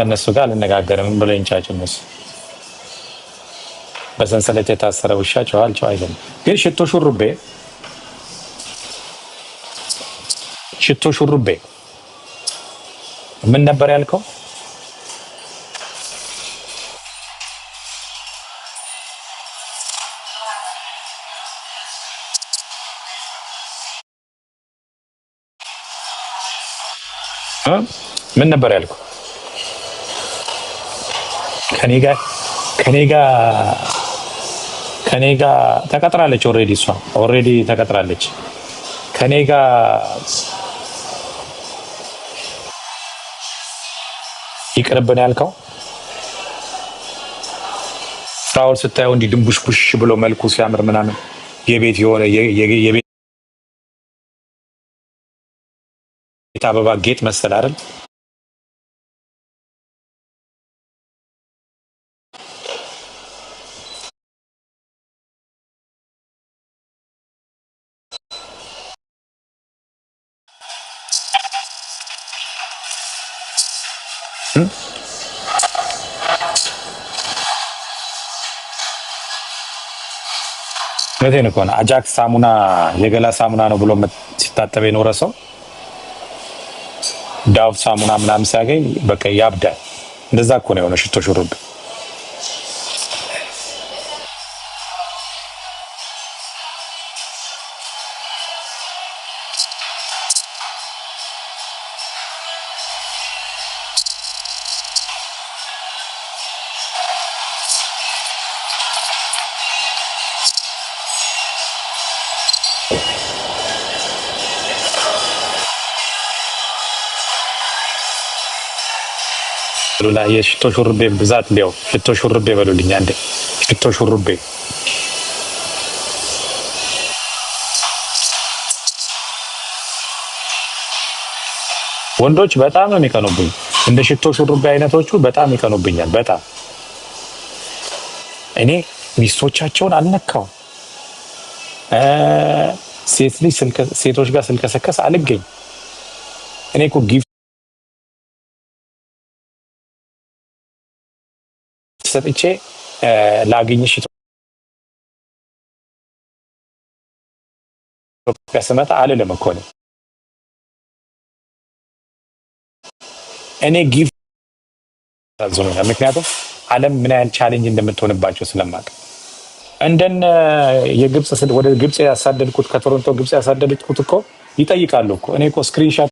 ከእነሱ ጋር አልነጋገርም ብሎ ይንጫጩ እነሱ። በሰንሰለት የታሰረ ውሻ ጨዋል ጨዋ አይልም። ግን ሽቶ ሹሩቤ ሽቶ ሹሩቤ ምን ነበር ያልከው? ምን ነበር ያልከው? ከኔ ጋር ከኔ ጋር ከኔ ጋር ተቀጥራለች። ኦልሬዲ እሷ ኦልሬዲ ተቀጥራለች ከኔ ጋር ይቅርብን ያልከው ፍራውል ስታየው እንዲህ ድንቡሽቡሽ ብሎ መልኩ ሲያምር ምናምን የቤት የሆነ የቤት አበባ ጌጥ መሰል አይደል? Hm? እውነቴን እኮ ነው። አጃክስ ሳሙና የገላ ሳሙና ነው ብሎ ሲታጠብ የኖረ ሰው ዳቭ ሳሙና ምናምን ሲያገኝ በቃ ያብዳል። እንደዛ እኮ ነው የሆነ ሽቶ ሹሩብ ሉላ የሽቶ ሹርቤ ብዛት እንዲያው ሽቶ ሹርቤ በሉልኝ አንዴ። ሽቶ ሹርቤ ወንዶች በጣም ነው የሚቀኑብኝ። እንደ ሽቶ ሹርቤ አይነቶቹ በጣም ይቀኑብኛል። በጣም እኔ ሚስቶቻቸውን አልነካውም። ሴት ልጅ ሴቶች ጋር ስልከሰከስ አልገኝ እኔ ጊፍ ሰጥቼ ላገኝሽ ኢትዮጵያ ስመጣ አልልም እኮ ነው እኔ ጊፍት ታዝኖኛል። ምክንያቱም ዓለም ምን ያህል ቻሌንጅ እንደምትሆንባቸው ስለማቅ እንደን የግብፅ ወደ ግብፅ ያሳደድኩት ከቶሮንቶ ግብፅ ያሳደድኩት እኮ ይጠይቃሉ እኮ እኔ እኮ ስክሪንሻት